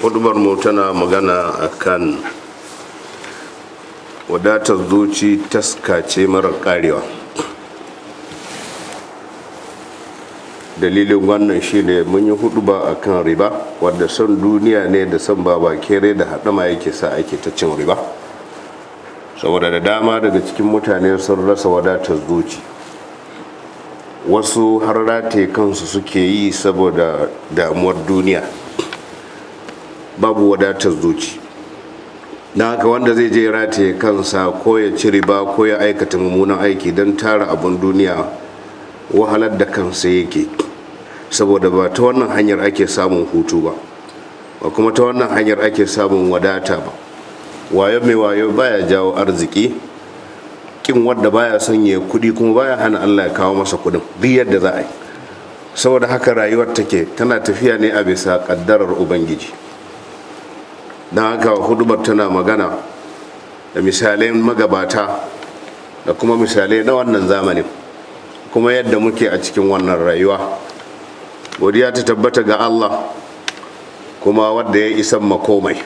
mu tana magana akan wadatar zuci taskace mara karewa dalilin wannan shine mun yi hudu ba akan riba wadda son duniya ne da son baba kere da haɗama yake sa ake ta cin riba saboda da dama daga cikin mutane sun rasa wadatar zuci wasu har rataye kansu suke yi saboda damuwar duniya babu wadatar zuci na haka wanda zai je rataye kansa ko ya ci riba ko ya aikata mummunan aiki don tara abin duniya wahalar da kansa yake saboda ba ta wannan hanyar ake samun hutu ba ba kuma ta wannan hanyar ake samun wadata ba wayo mai wayo baya jawo arziki kin wadda baya sanya kudi kuma baya hana allah ya kawo masa kudin duk yadda za a yi saboda haka rayuwar take tana tafiya ne a bisa ƙaddarar ubangiji don haka hudubar tana magana da misalai magabata da kuma misalai na wannan zamanin kuma yadda muke a cikin wannan rayuwa godiya ta tabbata ga allah kuma wadda ya isan makomai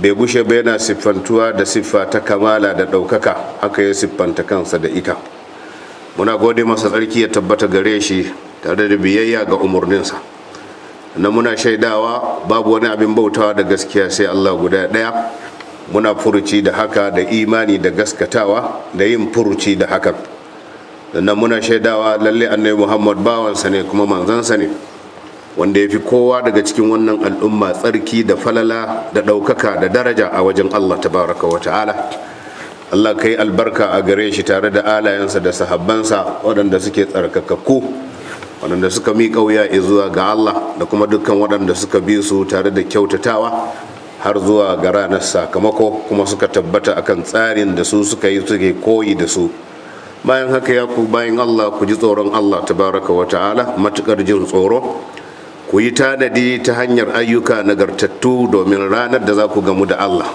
bai gushe bai na siffantuwa da siffa ta kamala da ɗaukaka haka ya siffanta kansa da ita muna gode masa tsarki ya tabbata gare shi tare da biyayya ga umarninsa na muna shaidawa babu wani abin bautawa da gaskiya sai Allah guda ɗaya muna furuci da haka da imani da gaskatawa da yin furuci da haka sannan muna shaidawa lalle annabi muhammad bawansa ne kuma manzansa ne wanda ya fi kowa daga cikin wannan al'umma tsarki da falala da ɗaukaka da daraja a wajen allah tabaraka wa ta'ala allah ka yi albarka a gare shi tare da alayensa da sahabbansa waɗanda suke tsarkakakku waɗanda suka miƙa wuya zuwa ga Allah da kuma dukkan waɗanda suka bi su tare da kyautatawa har zuwa ga ranar sakamako kuma suka tabbata akan tsarin da su suka yi suke koyi da su bayan haka ya ku bayan Allah ku ji tsoron Allah tabaraka wa ta'ala matukar jin tsoro ku yi tanadi ta hanyar ayyuka nagartattu domin ranar da za ku gamu da Allah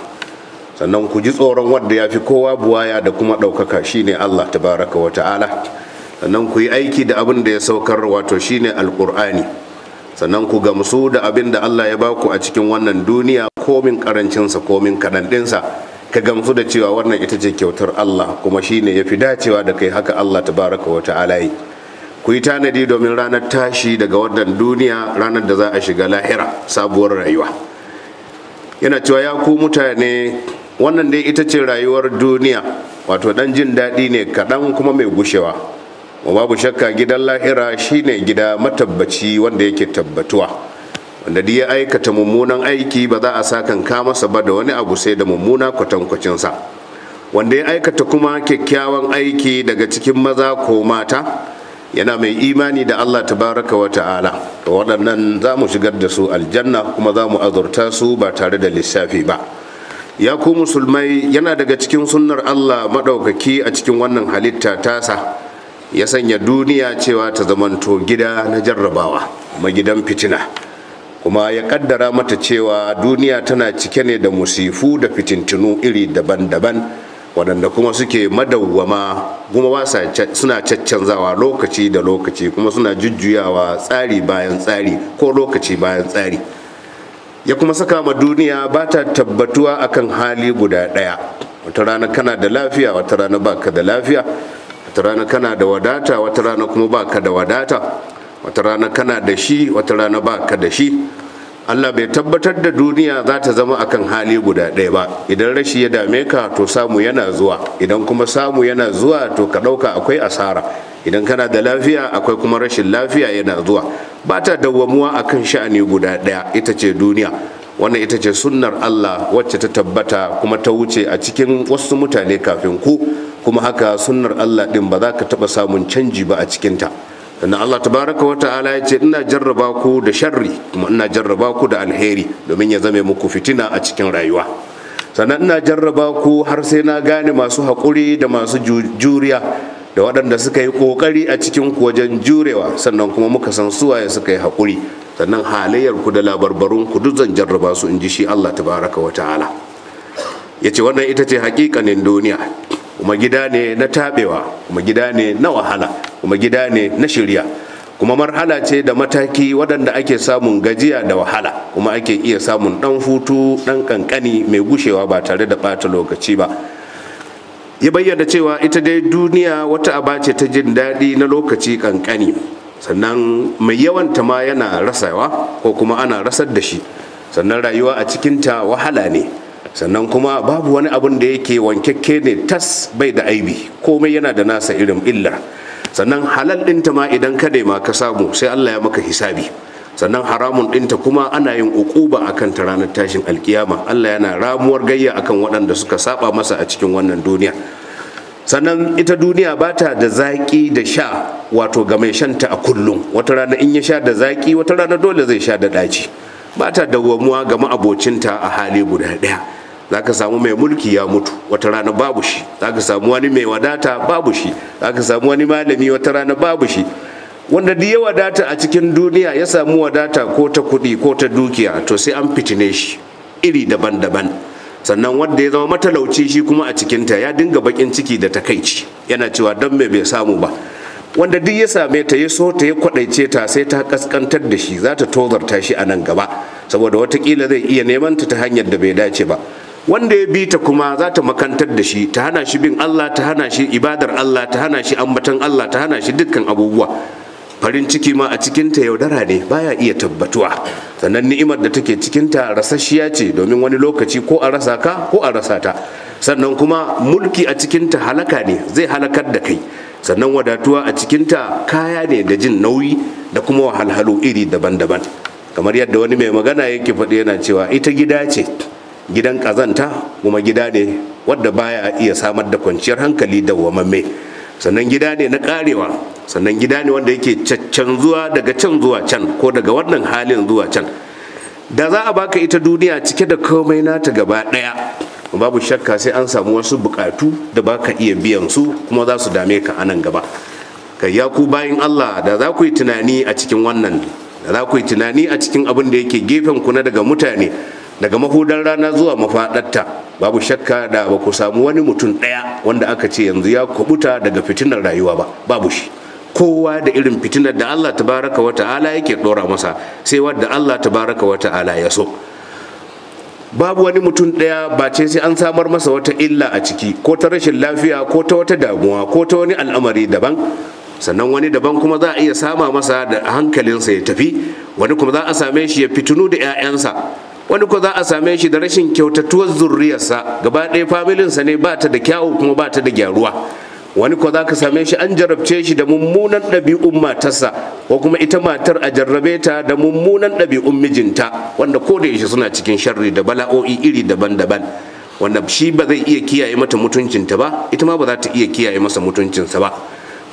sannan ku ji tsoron wanda ya fi kowa buwaya da kuma ɗaukaka shine Allah tabaraka wa ta'ala sannan ku yi aiki da abin da ya saukar wato shine alkur'ani sannan ku gamsu da abin da allah ya baku a cikin wannan duniya komin karancinsa komin kaɗanɗinsa ka gamsu da cewa wannan ita ce kyautar allah kuma shine ya fi dacewa da kai haka allah tabaraka wa wata alayi. ku yi tanadi domin ranar tashi daga wannan duniya ranar da za a shiga lahira sabuwar rayuwa yana cewa ya ku mutane wannan dai ita ce rayuwar duniya wato dan jin daɗi ne kaɗan kuma mai gushewa wa babu shakka gidan lahira shine gida matabbaci wanda yake tabbatuwa wanda duk ya aikata mummunan aiki ba za a sa kanka masa ba da wani abu sai da mummuna kwatankwacinsa wanda ya aikata kuma kyakkyawan aiki daga cikin maza ko mata yana mai imani da allah tabaraka wa ta'ala waɗannan za mu shigar da su aljanna kuma za mu azurta su ba tare da lissafi ba ya ku musulmai yana daga cikin sunnar allah maɗaukaki a cikin wannan halitta tasa ya sanya duniya cewa ta zamanto gida na jarrabawa magidan fitina kuma ya kaddara mata cewa duniya tana cike ne da musifu da fitintunu iri daban-daban waɗanda kuma suke madawwama kuma suna caccanzawa lokaci da lokaci kuma suna jujjuyawa tsari bayan tsari ko lokaci bayan tsari ya kuma saka ma duniya ba ta tabbatuwa akan hali guda ɗaya wata rana kana da lafiya wata rana baka da lafiya wata rana kana da wadata wata rana kuma baka da wadata wata rana kana da shi wata rana baka da shi Allah bai tabbatar da duniya za ta zama akan hali guda ɗaya ba idan rashi ya dame ka to samu yana zuwa idan kuma samu yana zuwa to ka ɗauka akwai asara idan kana da lafiya akwai kuma rashin lafiya yana zuwa ba ta dawwamuwa akan sha'ani guda ɗaya ita ce duniya wannan ita ce sunnar Allah wacce ta tabbata kuma ta wuce a cikin wasu mutane kafin ku kuma haka sunnar Allah din ba za ka taɓa samun canji ba a cikinta sannan Allah tabaraka wa ta'ala ya ce ina jarraba ku da sharri kuma ina jarraba ku da alheri domin ya zame muku fitina a cikin rayuwa sannan ina jarraba ku har sai na gane masu haƙuri da masu juriya da waɗanda suka yi ƙoƙari a cikin ku wajen jurewa sannan kuma muka san su suwaye suka yi haƙuri sannan halayyar ku da labarbarun ku duk zan jarraba su in ji shi Allah tabaraka wa ta'ala ya ce wannan ita ce haƙiƙanin duniya kuma gida ne na taɓewa kuma gida ne na wahala kuma gida ne na shirya kuma marhala ce da mataki waɗanda ake samun gajiya da wahala kuma ake iya samun ɗan hutu ɗan ƙanƙani mai gushewa ba tare da ɓata lokaci ba ya bayyana cewa ita dai duniya wata aba ce ta jin daɗi na lokaci ƙanƙani sannan mai ta ma yana rasawa ko kuma ana rasar da shi sannan rayuwa a cikinta wahala ne sannan kuma babu wani abin da yake wankakke ne tas bai da aibi komai yana da nasa irin illar sannan halal dinta ma idan ka ma ka samu sai Allah ya maka hisabi sannan haramun dinta kuma ana yin ukuba akan ta ranar tashin alkiyama Allah yana ramuwar gayya akan waɗanda suka saba masa a cikin wannan duniya sannan ita duniya ba ta da zaƙi da sha wato ga mai shanta a kullum wata rana in ya sha da zaƙi wata rana dole zai sha da ɗaci ba ta dawwamuwa ga ma'abocinta a hali guda ɗaya zaka samu mai mulki ya mutu wata rana babu shi za samu wani mai wadata babu shi za ka samu wani malami wata rana babu shi wanda da ya wadata a cikin duniya ya samu wadata ko ta kuɗi ko ta dukiya to sai an fitine shi iri daban-daban sannan wanda ya zama matalauci shi kuma a cikin ta ya dinga bakin ciki da takaici yana cewa don me bai samu ba wanda duk ya same ta ya so ta ya kwadaice ta sai ta kaskantar da shi za ta tozarta shi a nan gaba saboda watakila zai iya neman ta ta hanyar da bai dace ba wanda ya bi ta kuma za ta makantar da shi ta hana shi bin Allah ta hana shi ibadar Allah ta hana shi ambatan Allah ta hana shi dukkan abubuwa farin ciki ma a cikinta yaudara ne baya iya tabbatuwa sannan ni'imar da take cikinta rasasshiya ce domin wani lokaci ko a rasa ka ko a rasa ta sannan kuma mulki a cikinta halaka ne zai halakar da kai sannan wadatuwa a cikinta kaya ne da jin nauyi da kuma wahalhalu iri daban-daban kamar yadda wani mai magana yake faɗi yana cewa ita gida ce gidan kazanta kuma gida ne wadda baya iya samar da kwanciyar hankali da wamamme sannan gida ne na karewa sannan gida ne wanda yake caccan zuwa daga can zuwa can ko daga wannan halin zuwa can da za a baka ita duniya cike da komai nata gaba daya babu shakka sai an samu wasu bukatu da baka iya biyan su kuma za su dame ka anan gaba kai ya ku bayin Allah da za ku yi tunani a cikin wannan da za ku yi tunani a cikin abin da yake gefen ku na daga mutane daga mahudan rana zuwa mafaɗatta babu shakka da ba ku samu wani mutum ɗaya wanda aka ce yanzu ya kubuta daga fitinar rayuwa ba babu shi kowa da irin fitinar da Allah tabaraka wa ta'ala yake ɗora masa sai wadda Allah tabaraka wa ta'ala ya so babu wani mutum ɗaya ba ce sai an samar masa wata illa a ciki ko ta rashin lafiya ko ta wata damuwa ko ta wani al'amari daban sannan wani daban kuma za a iya sama masa da hankalinsa ya tafi wani kuma za a same shi ya fitinu da 'ya'yansa wani ko za a same shi da rashin kyautatuwar zurriyarsa gaba ɗaya familinsa ne ba ta da kyawu kuma ba ta da gyaruwa wani ko za ka same shi an jarabce shi da mummunan ɗabi'un matarsa ko kuma ita matar a jarrabe ta da mummunan ɗabi'un mijinta wanda ko da yaushe suna cikin sharri da bala'o'i iri daban-daban wanda shi ba zai iya kiyaye mata mutuncinta ba ita ma ba za ta iya kiyaye masa mutuncinsa ba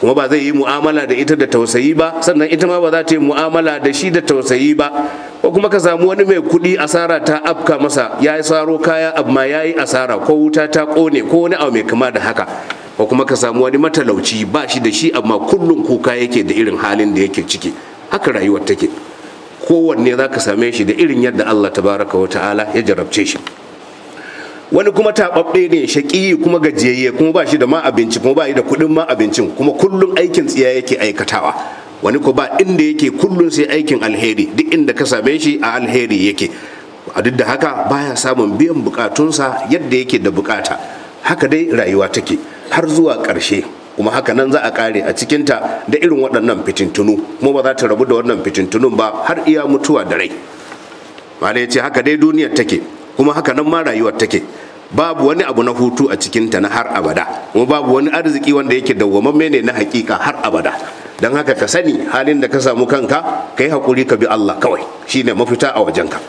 kuma ba zai yi mu'amala da ita da tausayi ba sannan ita ma ba za ta yi mu'amala da shi da tausayi ba ko kuma ka samu wani mai kuɗi asara ta afka masa ya yi saro kaya amma ya yi asara ko wuta ta ƙone ko wani abu mai kama da haka ko kuma ka samu wani matalauci ba shi da shi amma kullum kuka yake da irin halin da yake ciki haka rayuwar take kowanne za ka same shi da irin yadda allah tabaraka wa ta'ala ya jarabce shi wani kuma taɓaɓɓe ne shaƙi kuma gajiyayye kuma ba shi da ma abinci kuma ba shi da kuɗin ma abincin kuma kullum aikin tsiya yake aikatawa wani ko ba inda yake kullum sai aikin alheri duk inda ka same shi a alheri yake a duk da haka baya samun biyan bukatunsa yadda yake da bukata haka dai rayuwa take har zuwa ƙarshe kuma haka nan za a kare a cikinta da irin waɗannan fitintunu kuma ba za ta rabu da wannan fitintunun ba har iya mutuwa da rai ya ce haka dai duniyar take kuma haka nan ma rayuwar take babu wani abu na hutu a cikinta na har abada kuma babu wani arziki wanda yake dawwamamme ne na hakika har abada don haka ka sani halin da ka samu kanka ka yi haƙuri ka bi Allah kawai shine mafita a wajen ka.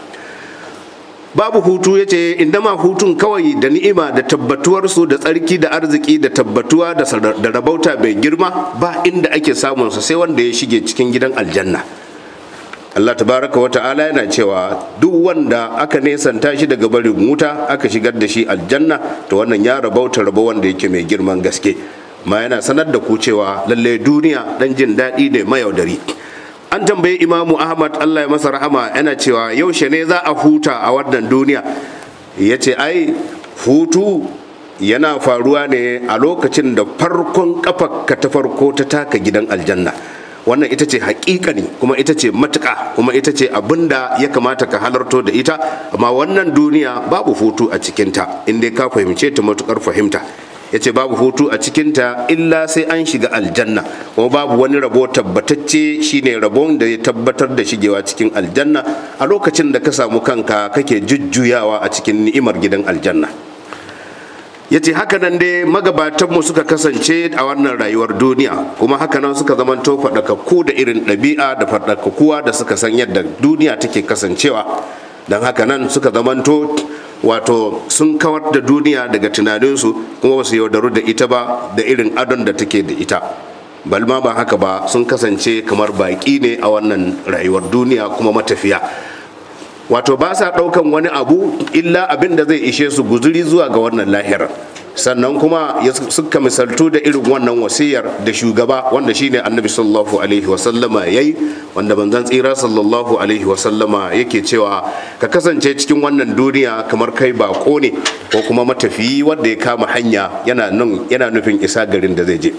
babu hutu ya ce indama hutun kawai da ni'ima da tabbatuwarsu da tsarki da arziki da tabbatuwa da rabauta bai girma ba inda ake samunsa sai wanda ya shige cikin gidan aljanna Allah tabaraka wa ta'ala yana cewa duk wanda aka nesanta shi daga barin wuta aka shigar da shi aljanna to wannan ya rabauta rabo wanda yake mai girman gaske ma yana sanar da ku cewa lalle duniya dan jin daɗi ne mayaudari an tambayi imamu ahmad Allah ya masa rahama yana cewa yaushe ne za a huta a wannan duniya ya ce ai hutu yana faruwa ne a lokacin da farkon kafa ka ta farko ta taka gidan aljanna wannan ita ce hakika ne kuma ita ce matuka kuma ita ce abin da ya kamata ka halarto da ita amma wannan duniya babu hutu a cikinta inda ka fahimce ta matukar fahimta ya ce babu hutu a cikinta illa sai an shiga aljanna kuma babu wani rabo tabbatacce shine rabon da ya tabbatar da shigewa cikin aljanna a lokacin da ka samu kanka kake jujjuyawa a cikin ni'imar gidan aljanna ya ce haka nan dai magabatanmu suka kasance a wannan rayuwar duniya kuma haka nan suka zamanto faɗakakku da irin ɗabi'a da faɗakakkuwa da suka san yadda duniya take kasancewa don haka nan suka zamanto wato sun kawar da duniya daga tunaninsu kuma ba su yaudaru da ita ba da irin adon da take da ita balma ba haka ba sun kasance kamar baƙi ne a wannan rayuwar duniya kuma matafiya wato ba sa ɗaukan wani abu illa abin da zai ishe su guzuri zuwa ga wannan lahirar sannan kuma suka misaltu da irin wannan wasiyar da shugaba wanda shine annabi sallallahu alaihi wasallama ya yi wanda banzan tsira sallallahu alaihi wasallama yake cewa ka kasance cikin wannan duniya kamar kai bako ne ko kuma matafiyi wanda ya kama hanya yana nufin isa garin da zai je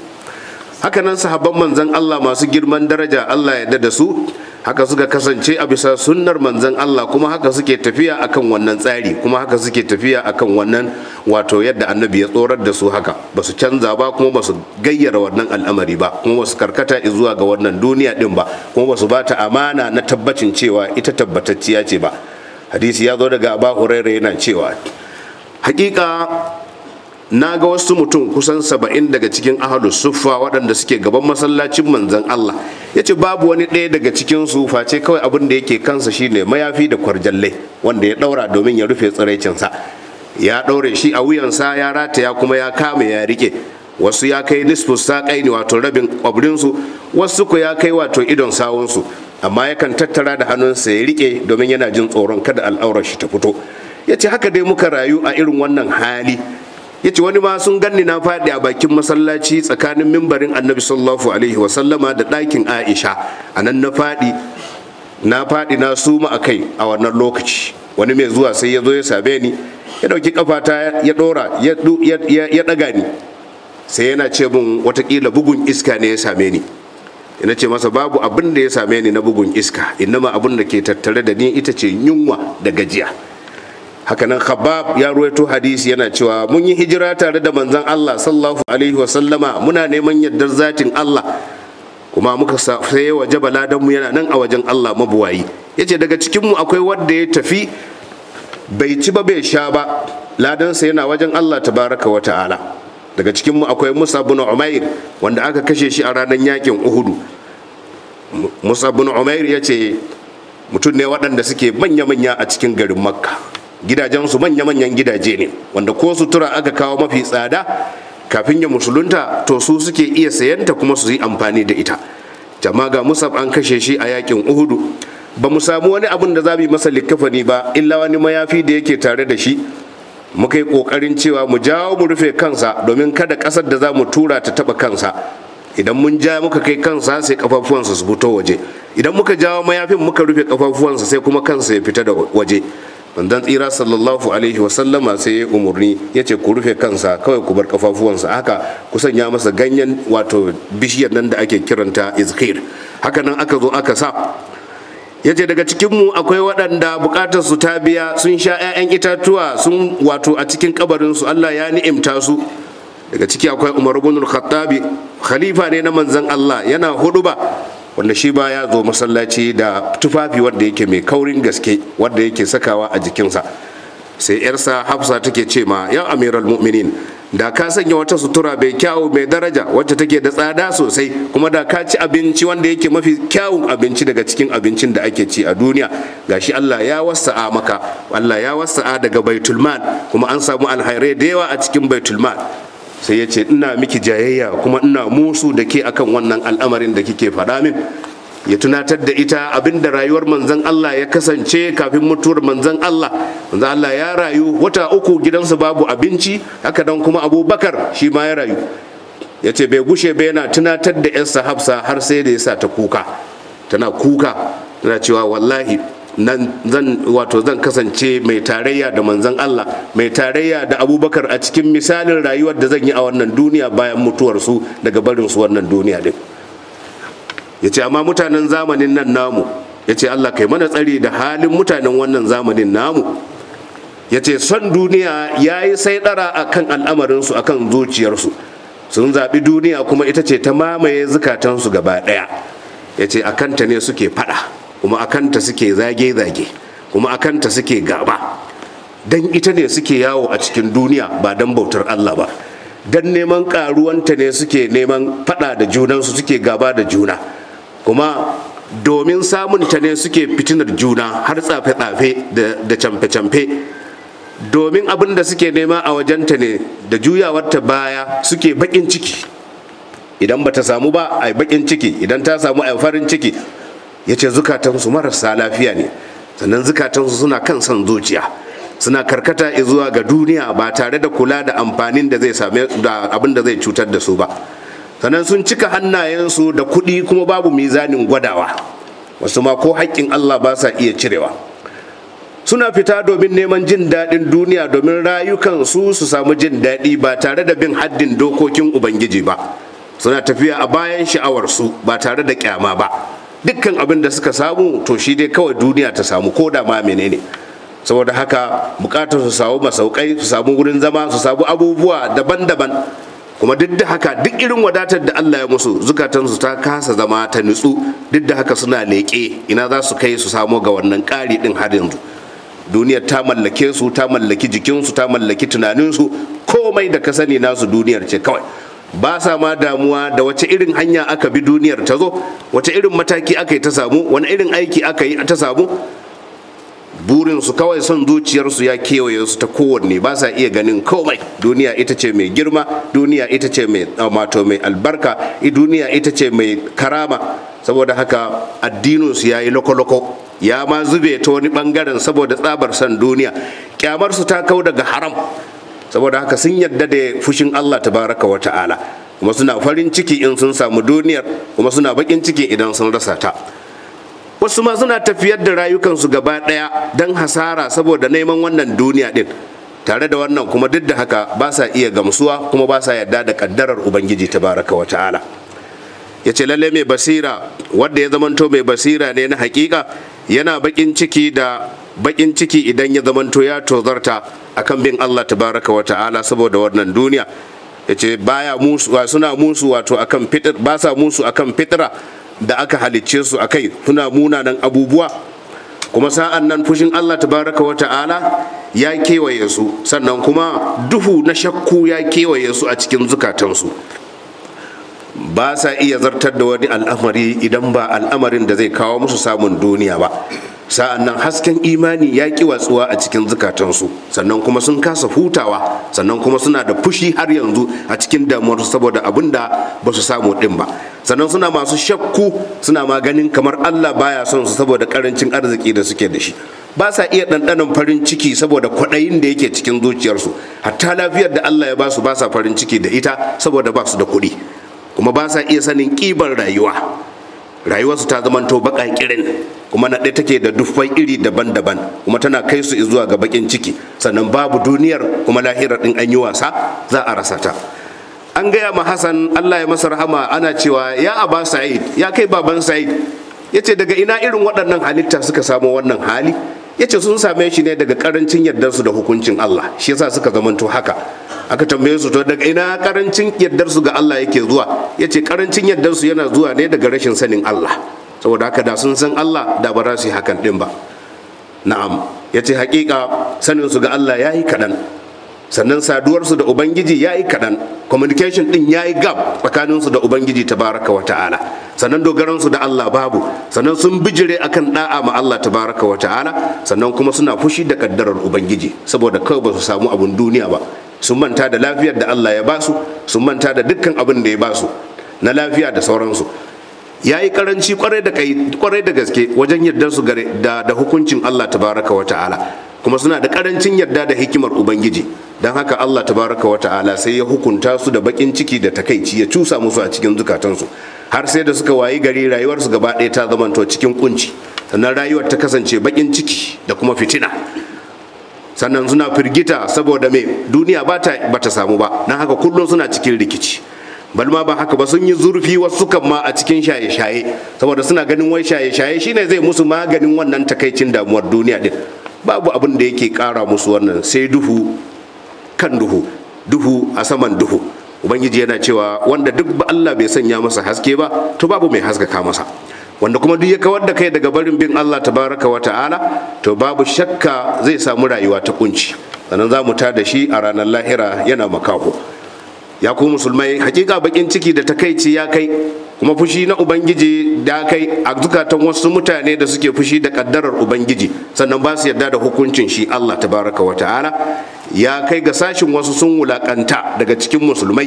haka nan sahabban manzan Allah masu girman daraja Allah ya da su haka suka kasance a bisa sunnar manzan Allah kuma haka suke tafiya akan wannan tsari kuma haka suke tafiya akan wannan wato yadda annabi ya tsorar da su haka ba su canza ba kuma ba su gayyara wannan al'amari ba kuma ba su karkata zuwa ga wannan duniya din ba kuma ba su ba ta amana na tabbacin cewa ita tabbatacciya ce ba hadisi ya zo daga abu huraira yana cewa hakika na ga wasu mutum kusan saba'in daga cikin ahadu suffa waɗanda suke gaban masallacin manzan Allah ya ce babu wani ɗaya daga cikin su face kawai abin da yake kansa shi ne mayafi da kwarjallai, wanda ya ɗaura domin ya rufe tsiraicinsa ya ɗaure shi a wuyansa ya rataya kuma ya kama ya rike wasu ya kai nisfus saƙai ne wato rabin ƙwabrinsu wasu ku ya kai wato idon sawunsu amma yakan tattara da hannunsa ya rike domin yana jin tsoron kada al'aurar shi ta fito ya ce haka dai muka rayu a irin wannan hali ya ce wani ma sun ganni na faɗi a bakin masallaci tsakanin mimbarin annabi sallallahu alaihi wasallama da ɗakin aisha a nan na faɗi na faɗi na suma a kai a wannan lokaci wani mai zuwa sai ya zo ya same ni ya ɗauki kafata ya ɗora ya ɗaga ni sai yana ce min watakila bugun iska ne ya same ni ina ce masa babu abin da ya same ni na bugun iska ma abin da ke tattare da ni ita ce yunwa da gajiya hakanan khabab ya ruwaito hadisi yana cewa mun yi hijira tare da manzon Allah sallallahu alaihi wasallama muna neman yardar zatin Allah kuma muka saye wa jabala dan mu yana nan a wajen Allah mabuwayi yace daga cikin mu akwai wanda ya tafi bai ci ba bai sha ba ladansa yana wajen Allah tabaraka wa ta'ala daga cikin mu akwai Musa bin Umair wanda aka kashe shi a ranar yakin Uhudu Musa bin Umair yace mutum ne waɗanda suke manya-manya a cikin garin Makka gidajensu manya-manyan gidaje ne wanda ko sutura aka kawo mafi tsada kafin ya musulunta to su suke iya sayanta kuma su yi amfani da ita jama ga musab an kashe shi a yakin uhudu ba mu samu wani abin da za mu yi masa likkafani ba illa wani mayafi da yake tare da shi muka yi kokarin cewa mu jawo mu rufe kansa domin kada kasar da za mu tura ta taba kansa idan mun ja muka kai kansa sai kafafuwansa su fito waje idan muka jawo mayafin muka rufe kafafuwansa sai kuma kansa ya fita da waje dan tsira sallallahu alaihi sallama sai ya umurni ya ce ku rufe kansa kawai ku bar kafafuwansa haka ku sanya masa ganyen wato bishiyar nan da ake kiranta izkir haka nan aka zo aka sa ya ce daga cikinmu akwai waɗanda buƙatar su ta biya sun sha 'ya'yan itatuwa sun wato a cikin kabarin su allah ya ni'imta su daga ciki akwai umar ibn khattabi khalifa ne na manzon allah yana huduba wanda shi ba ya zo masallaci da tufafi wanda yake mai kaurin gaske wanda yake sakawa a jikinsa sai yarsa hafsa take ce ma ya amiral mu'minin da ka sanya wata sutura mai kyawu mai daraja wacce take da tsada sosai kuma da ka ci abinci wanda yake mafi kyawun abinci daga cikin abincin da ake ci a duniya gashi Allah ya wasa'a maka Allah ya wasa'a daga baitulman kuma an samu alhairai da yawa a cikin baitulman sai ya ce ina miki jayayya kuma ina musu da ke akan wannan al'amarin da kike faɗa min ya tunatar da ita abinda rayuwar manzan Allah ya kasance kafin mutuwar manzan Allah manzan Allah ya rayu wata uku gidansu babu abinci haka dan kuma Abubakar shi ma ya rayu ya ce bai gushe bai yana tunatar da 'yan sahabsa har sai da ya sa ta kuka tana kuka tana cewa wallahi zan wato zan kasance mai tarayya da manzon Allah mai tarayya da abubakar a cikin misalin rayuwar da zan yi a wannan duniya bayan mutuwarsu daga barinsu wannan duniya din ya ce amma mutanen zamanin nan namu ya ce Allah kai mana tsari da halin mutanen wannan zamanin namu ya ce son duniya ya yi saidara a kan al'amarinsu a kan zuciyarsu sun zaɓi duniya kuma ita ce ta mamaye zukatansu gaba ɗaya ya ce a kanta ne suke faɗa kuma akanta suke zage-zage kuma akanta suke gaba don ita ne suke yawo a cikin duniya ba dan bautar Allah ba don neman karuwanta ne suke neman fada da junansu suke gaba da juna kuma domin samunta ne suke fitinar juna har tsafe-tsafe da camfe-camfe domin abin da suke nema a wajenta ne da juyawarta baya suke bakin ciki idan ba ta samu ba a bakin ciki idan ta samu a farin ciki ya ce zukatansu marasa lafiya ne sannan zukatansu suna kan son zuciya suna karkata zuwa ga duniya ba tare da kula da amfanin da zai same da abin da zai cutar da su ba sannan sun cika hannayensu da kuɗi kuma babu mizanin gwadawa wasu ma ko haƙƙin Allah ba sa iya cirewa suna fita domin neman jin daɗin duniya domin rayukansu su samu jin daɗi ba tare da bin haddin dokokin ubangiji ba suna tafiya a bayan sha'awarsu ba tare da kyama ba dukkan abin da suka samu to shi dai kawai duniya ta samu ko da ma menene saboda haka bukatar su samu masaukai su samu wurin zama su samu abubuwa daban-daban kuma duk da haka duk irin wadatar da Allah ya musu zukatansu ta kasa zama ta nutsu duk da haka suna leƙe ina za su kai su samo ga wannan ƙari din har yanzu duniyar ta mallake su ta mallaki jikinsu ta mallaki tunaninsu komai da ka sani nasu duniyar ce kawai ba sa ma damuwa da wace irin hanya aka bi duniyar ta zo wace irin mataki aka yi ta samu wani irin aiki aka yi ta samu burinsu kawai son zuciyarsu ya kewaye su ta kowanne ba sa iya ganin komai duniya ita ce mai girma duniya ita ce mai mato ah, mai albarka duniya ita ce mai karama saboda haka addininsu ya yi loko-loko ya ma zube ta wani bangaren saboda tsabar son duniya kyamarsu ta kau daga haram saboda haka sun yadda da fushin Allah tabaraka wa ta'ala kuma suna farin ciki in sun samu duniyar kuma suna bakin ciki idan sun rasa ta wasu ma suna tafiyar da rayukansu gaba ɗaya don hasara saboda neman wannan duniya ɗin tare da wannan kuma duk da haka ba sa iya gamsuwa kuma ba sa yarda da kaddarar ubangiji tabaraka wa ta'ala ya ce lalle mai basira wanda ya zamanto mai basira ne na hakika yana bakin ciki da bakin ciki idan ya zamanto ya tozarta akan bin Allah tabaraka wa ta'ala saboda wannan duniya yace baya musu suna musu wato akan fitir ba sa musu akan fitira da aka halicce su akai suna munanan abubuwa kuma sa'an nan fushin Allah tabaraka wa ta'ala ya kewaye su sannan kuma duhu na shakku ya kewaye su a cikin zukatansu ba sa iya zartar da wani al'amari idan ba al'amarin da zai kawo musu samun duniya ba sa'an nan hasken imani ya ƙi watsuwa a cikin zukatansu sannan kuma sun kasa hutawa sannan kuma suna da fushi har yanzu a cikin damuwarsu saboda abin da ba su samu ɗin ba sannan suna masu shakku suna ma ganin kamar allah baya son su saboda karancin arziki da suke da shi ba sa iya ɗanɗanon farin ciki saboda kwaɗayin da yake cikin zuciyarsu hatta lafiyar da allah ya ba su ba sa farin ciki da ita saboda ba su da kuɗi kuma ba sa iya sanin kibar rayuwa rayuwa su ta zamanto baka kirin kuma na ɗaya take da dufai iri daban-daban kuma tana kai su zuwa ga bakin ciki sannan babu duniyar kuma lahirar ɗin an yi wasa za a rasa ta an gaya ma Hassan Allah ya masa rahama ana cewa ya aba Sa'id ya kai baban Sa'id yace daga ina irin waɗannan halitta suka samu wannan hali yace sun same shi ne daga karancin su da hukuncin Allah shi yasa suka zamanto haka aka tambaye su to daga ina karancin yaddar su ga Allah yake zuwa yace karancin yardar su yana zuwa ne daga rashin sanin Allah saboda haka da sun san Allah da ba za su yi hakan din ba na'am yace hakika sanin su ga Allah yayi kadan sannan saduwar su da ubangiji yayi kadan communication din yayi gab tsakanin su da ubangiji tabaraka wa ta'ala sannan dogaran su da Allah babu sannan sun bijire akan da'a ma Allah tabaraka wa ta'ala sannan kuma suna fushi da kaddarar ubangiji saboda kawai ba su samu abun duniya ba sun manta da lafiyar da Allah ya basu sun manta da dukkan abin da ya basu na lafiya da sauransu ya yi karanci kwarai da gaske wajen yadda su da hukuncin Allah tabaraka wa ta'ala kuma suna da karancin yarda da hikimar ubangiji don haka Allah tabaraka wa ta'ala sai ya hukunta su da bakin ciki da takaici ya cusa musu a cikin zukatansu har sai da suka wayi gari rayuwarsu gaba ɗaya ta zamanto cikin kunci sannan rayuwar ta kasance bakin ciki da kuma fitina sannan suna firgita saboda mai duniya ba ta samu ba na haka kullum suna cikin rikici balma ba haka ba sun yi zurfi wasu kan ma a cikin shaye-shaye saboda suna ganin wai shaye-shaye shine zai musu maganin wannan takaicin damuwar duniya din babu abin da yake kara musu wannan sai duhu kan duhu duhu a saman duhu ubangiji yana cewa wanda duk ba Allah bai sanya masa haske ba to babu mai haskaka masa wanda kuma duk ya kawar da kai daga barin bin Allah tabaraka wa ta'ala to babu shakka zai samu rayuwa ta kunci sannan za mu ta da shi a ranar lahira yana makaho ya ku musulmai hakika bakin ciki da takaici ya kai kuma fushi na ubangiji da kai a zukatan wasu mutane da suke fushi da kaddarar ubangiji sannan ba su yarda da hukuncin shi Allah tabaraka wa ta'ala ya kai ga sashin wasu sun wulakanta daga cikin musulmai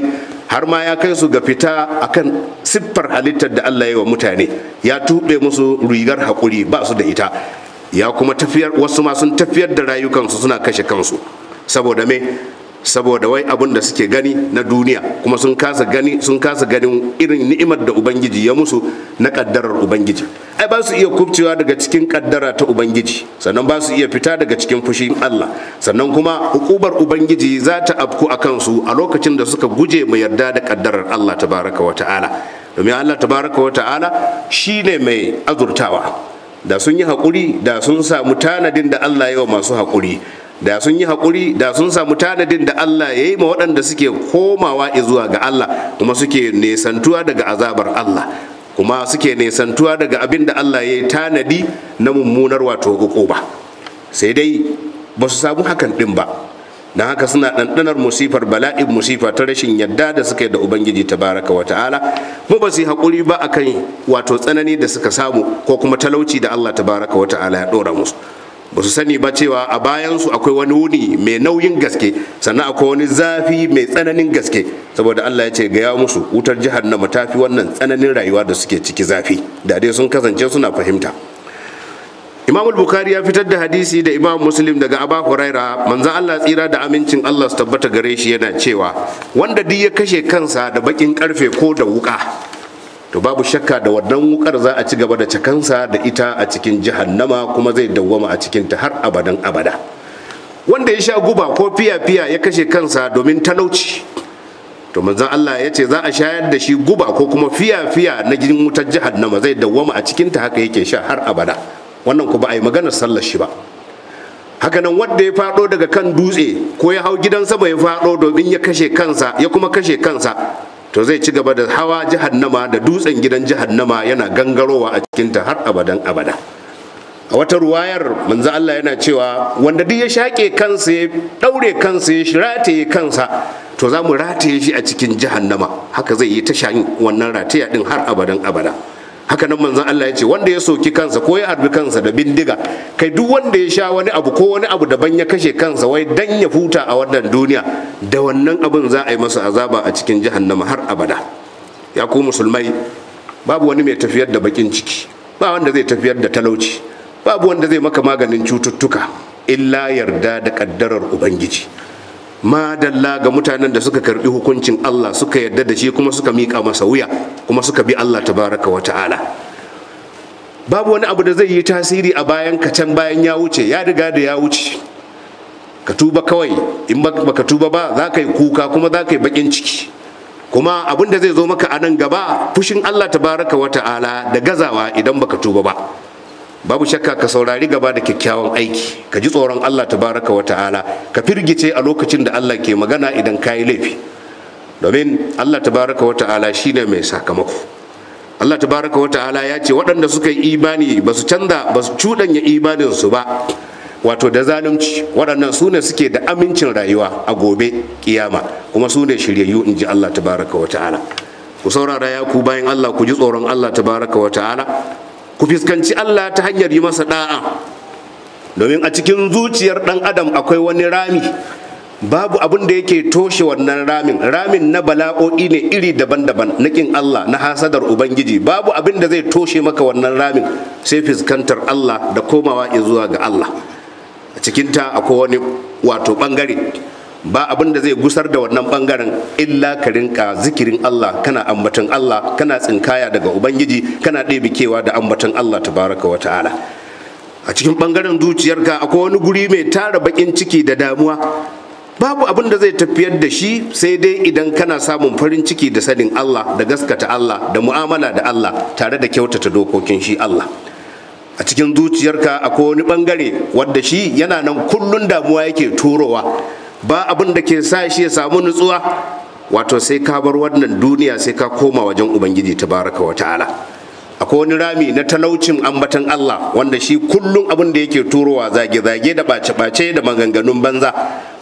har ma ya kai su ga fita akan siffar halittar da Allah ya wa mutane ya tuɓe musu rigar haƙuri ba su da ita ya kuma tafiyar wasu ma sun tafiyar da rayukansu suna kashe kansu saboda me saboda wai abin da suke gani na duniya kuma sun kasa gani sun kasa ganin irin ni'imar da ubangiji ya musu na kaddarar ubangiji ai ba su iya kubcewa daga cikin kaddara ta ubangiji sannan ba su iya fita daga cikin fushin Allah sannan kuma hukubar ubangiji za ta afku a kansu a lokacin da suka guje mu yarda da kaddarar Allah tabaraka wa ta'ala domin Allah tabaraka wa ta'ala shine mai azurtawa da sun yi haƙuri da sun samu tanadin da Allah ya yi wa masu haƙuri da sun yi haƙuri da sun samu tanadin da Allah ya yi ma waɗanda suke komawa zuwa ga Allah kuma suke nesantuwa daga azabar Allah kuma suke nesantuwa daga abin da Allah ya yi tanadi na mummunar wato ba sai dai ba su samu hakan ɗin ba da haka suna ɗanɗanar musifar bala'in musifa ta rashin yadda da suka yi da ubangiji tabaraka wa ta'ala mu ba su haƙuri ba a akan wato tsanani da suka samu ko kuma talauci da allah tabaraka wa ta'ala ya ɗora musu ba su sani ba cewa a bayansu akwai wani wuni mai nauyin gaske sannan akwai wani zafi mai tsananin gaske saboda Allah ya ce gaya musu wutar jihar na matafi wannan tsananin rayuwa da suke ciki zafi da dai sun kasance suna fahimta imam bukhari ya fitar da hadisi da imam muslim daga aba huraira manzan allah tsira da amincin allah su tabbata gare shi yana cewa wanda duk ya kashe kansa da bakin karfe ko da wuka to babu shakka da wannan wukar za a ci gaba da cakansa da ita a cikin jahannama kuma zai dawwama a cikin ta har abadan abada wanda ya sha guba ko fiya fiya ya kashe kansa domin talauci to manzon Allah ya ce za a shayar da shi guba ko kuma fiya fiya na gidan wutar jahannama zai dawwama a cikin ta haka yake sha har abada wannan ku ba a yi maganar sallar shi ba hakanan wanda ya faɗo daga kan dutse ko ya hau gidan sama ya fado domin ya kashe kansa ya kuma kashe kansa to zai ci gaba da hawa jahannama da dutsen gidan jahannama yana gangarowa a cikinta har abadan abada a wata ruwayar manzo Allah yana cewa wanda duk ya shaƙe kansa ya daure kansa ya rataye kansa to za mu rataye shi a cikin jahannama haka zai yi ta wannan rataya din har abadan abada haka nan manzon Allah yace wanda ya soki kansa ko ya arbi kansa da bindiga kai duk wanda ya sha wani abu ko wani abu daban ya kashe kansa wai dan ya futa a wannan duniya da wannan abin za a yi masa azaba a cikin jahannama har abada ya ku musulmai babu wani mai tafiyar da bakin ciki ba wanda zai tafiyar da talauci babu wanda zai maka maganin cututtuka illa yarda da kaddarar ubangiji madalla ga mutanen da suka karbi hukuncin Allah suka yarda da shi kuma suka miƙa masa wuya kuma suka bi Allah tabaraka wa ta'ala babu wani abu da zai yi tasiri a bayan ka can bayan ya wuce ya riga da ya wuce ka tuba kawai in baka tuba ba za ka yi kuka kuma za ka yi bakin ciki kuma abin da zai zo maka a nan gaba fushin Allah tabaraka wa ta'ala da gazawa idan baka tuba ba babu shakka ka saurari gaba da kyakkyawan aiki ka ji tsoron Allah tabaraka wa ta'ala ka firgice a lokacin da Allah ke magana idan ka yi laifi domin Allah tabaraka wa ta'ala shi ne mai sakamako Allah tabaraka wa ta'ala ya ce waɗanda suka yi imani ba su canza ba su cuɗanya imaninsu ba wato da zalunci waɗannan su ne suke da amincin rayuwa a gobe kiyama kuma su ne shiryayyu in ji Allah tabaraka wa ta'ala ku saurara ya ku bayan Allah ku ji tsoron Allah tabaraka wa ta'ala ku fiskanci Allah ta hanyar yi masa da'a domin a cikin zuciyar dan adam akwai wani rami babu abin da yake toshe wannan ramin ramin na bala'o'i ne iri daban-daban na kin Allah na hasadar ubangiji babu abin da zai toshe maka wannan ramin sai fiskantar Allah da komawa zuwa ga Allah a cikinta akwai wani wato ɓangare. ba abin da zai gusar da wannan bangaren illa ka rinka zikirin Allah kana ambaton Allah kana tsinkaya daga ubangiji kana ɗebikewa da ambaton Allah tabaraka wa ta'ala a cikin bangaren zuciyarka akwai wani guri mai tara bakin ciki da damuwa babu abin da zai tafiyar da shi sai dai idan kana samun farin ciki da sanin Allah da gaskata Allah da mu'amala da Allah tare da kyautata dokokin shi Allah a cikin zuciyarka akwai wani bangare wadda shi yana nan kullun damuwa yake turowa ba abin da ke sa shi ya samu nutsuwa wato sai ka bar wannan duniya sai ka koma wajen ubangiji ta baraka wa ta'ala akwai wani rami na talaucin ambatan Allah wanda shi kullum abin da yake turowa zage-zage da bace-bace da maganganun banza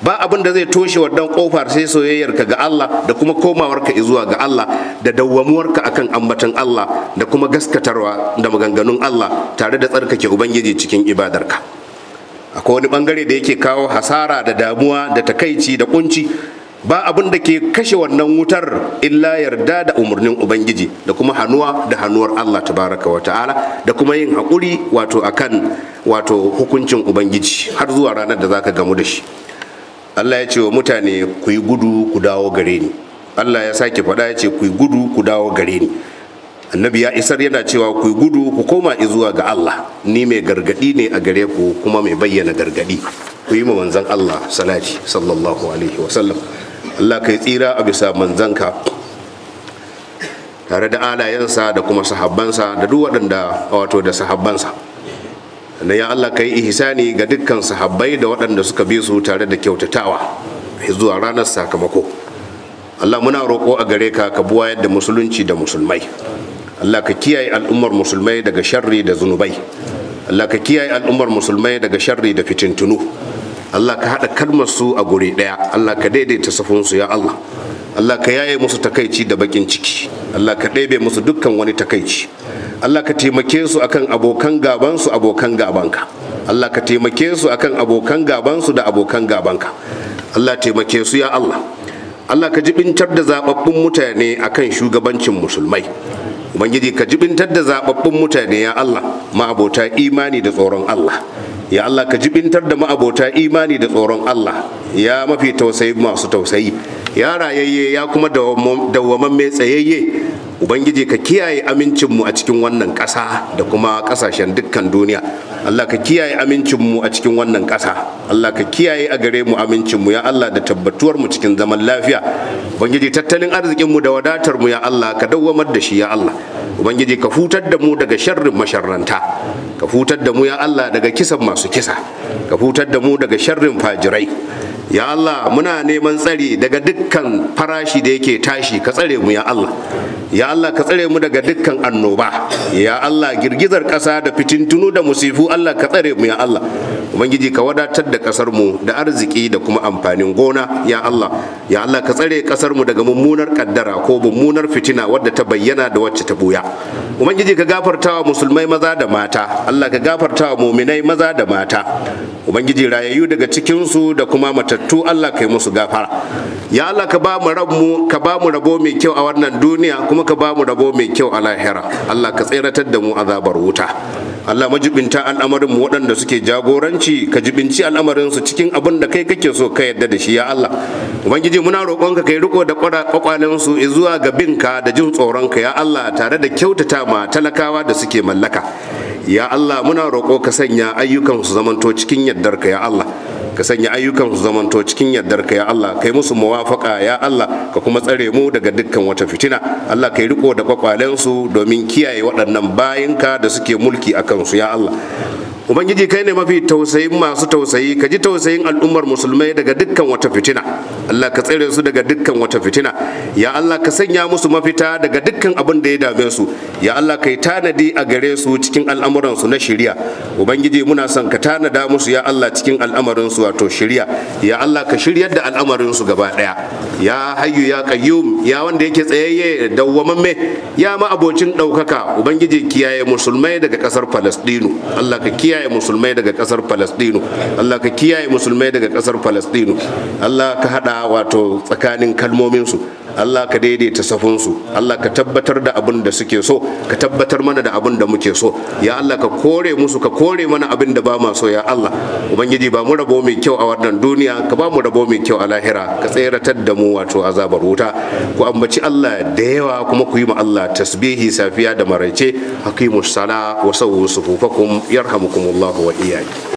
ba abin da zai toshe wannan kofar sai soyayyarka ga Allah da kuma komawarka zuwa ga Allah da dawwamuwarka akan ambatan Allah da kuma gaskatarwa da maganganun Allah tare da tsarkake ubangiji cikin ibadarka akwai wani bangare da yake kawo hasara da damuwa da takaici da kunci ba abin da ke kashe wannan wutar illa yarda da umarnin ubangiji da kuma hannuwa da hannuwar allah tabaraka wa ta'ala da kuma yin haƙuri wato akan wato hukuncin ubangiji har zuwa ranar da zaka gamu da shi allah ya ce wa mutane ku yi gudu ku dawo gare ni allah ya sake faɗa ya ce ku yi gudu ku dawo gare ni annabi ya isar yana cewa ku gudu ku koma zuwa ga Allah ni mai gargadi ne a gare ku kuma mai bayyana gargadi ku yi ma manzon Allah salati sallallahu alaihi wasallam Allah kai tsira a bisa manzanka tare da alayensa da kuma sahabbansa da duk waɗanda wato da sahabbansa na ya Allah kai ihsani ga dukkan sahabbai da waɗanda suka bi su tare da kyautatawa zuwa ranar sakamako Allah muna roƙo a gare ka ka buwayar da musulunci da musulmai Allah ka kiyaye al'ummar musulmai daga sharri da zunubai Allah ka kiyaye al'ummar musulmai daga sharri da fitintunu Allah ka haɗa kalmar su a guri ɗaya Allah ka daidaita su ya Allah Allah ka yaye musu takaici da bakin ciki Allah ka ɗebe musu dukkan wani takaici Allah ka taimake su akan abokan gabansu abokan gabanka Allah ka taimake su akan abokan gabansu da abokan gabanka Allah taimake su ya Allah Allah ka jibincar da zababbun mutane akan shugabancin musulmai ubangiji ka jibintar da zababbun mutane ya Allah ma'abota imani da tsoron Allah ya Allah ka jibintar da ma'abota imani da tsoron Allah ya mafi tausayi masu tausayi ya rayayye ya kuma dawwaman mai tsayayye ubangiji ka kiyaye amincinmu a cikin wannan ƙasa da kuma ƙasashen dukkan duniya Allah ka kiyaye amincinmu a cikin wannan ƙasa Allah ka kiyaye a gare mu amincinmu ya Allah da mu cikin zaman lafiya ubangiji tattalin arzikinmu da wadatarmu ya Allah ka dawwamar da shi ya Allah ubangiji ka futar da mu daga sharrin masharranta ka futar da mu ya Allah daga kisan masu kisa ka futar da mu daga sharrin fajirai ya Allah muna neman tsari daga dukkan farashi da yake tashi ka tsare mu ya Allah ya Allah ka tsare mu daga dukkan annoba ya Allah girgizar ƙasa da fitintunu da musifu Allah ka tsare mu ya Allah ubangiji ka wadatar da ƙasar mu da arziki da kuma amfanin gona ya Allah ya Allah ka tsare ƙasar mu daga mummunar kaddara ko mummunar fitina wadda ta bayyana da wacce ta buya ubangiji ka gafartawa musulmai maza da mata Allah ka gafartawa muminai maza da mata ubangiji rayayyu daga cikin su da kuma mata matattu Allah kai musu gafara ya Allah ka ba mu rabu rabo mai kyau a wannan duniya kuma ka ba mu rabo mai kyau a lahira Allah ka tseratar da mu azabar wuta Allah majibinta al'amarin mu waɗanda suke jagoranci ka jibinci al'amarinsu cikin abin da kai kake so ka yadda da shi ya Allah ubangiji muna roƙonka kai riko da kwakwalen su zuwa ga binka da jin tsoronka ya Allah tare da kyautata ma talakawa da suke mallaka ya Allah muna roƙo ka sanya ayyukan zamanto cikin yardarka ya Allah ka sanya ayyukan su zamanto cikin ka ya Allah kai musu muwafaka ya Allah ka kuma tsare mu daga dukkan wata fitina Allah kai riko da kwakwalen su domin kiyaye waɗannan bayinka da suke mulki a su ya Allah ubangiji kai ne mafi tausayin masu tausayi ka ji tausayin al'ummar musulmai daga dukkan wata fitina Allah ka tsere su daga dukkan wata fitina ya Allah ka sanya musu mafita daga dukkan abin da ya dame su ya Allah ka yi tanadi a gare su cikin al'amuran su na shiriya ubangiji muna son ka tanada musu ya Allah cikin al'amarin su wato shiriya ya Allah ka shiryar da al'amarin su gaba daya ya hayyu ya qayyum ya wanda yake tsayayye dawwamamme ya ma abocin daukaka ubangiji kiyaye musulmai daga kasar Falastinu Allah ka kiyaye kiyaye musulmai daga kasar palestino Allah ka kiyaye musulmai daga kasar palestino Allah ka hada wato tsakanin kalmomin su Allah ka daidaita safunsu. Allah ka tabbatar da abin da suke so ka tabbatar mana da abin da muke so ya Allah ka kore musu ka kore mana abin da ba ma so ya Allah ubangiji ba mu rabo mai kyau a wannan duniya ka ba mu rabo mai kyau a lahira ka tseratar da mu wato azabar wuta ku ambaci Allah da yawa kuma ku yi ma Allah tasbihi safiya da maraice Hakimu, sala wa sawwu sufufakum yarhamukumullahu wa iyyakum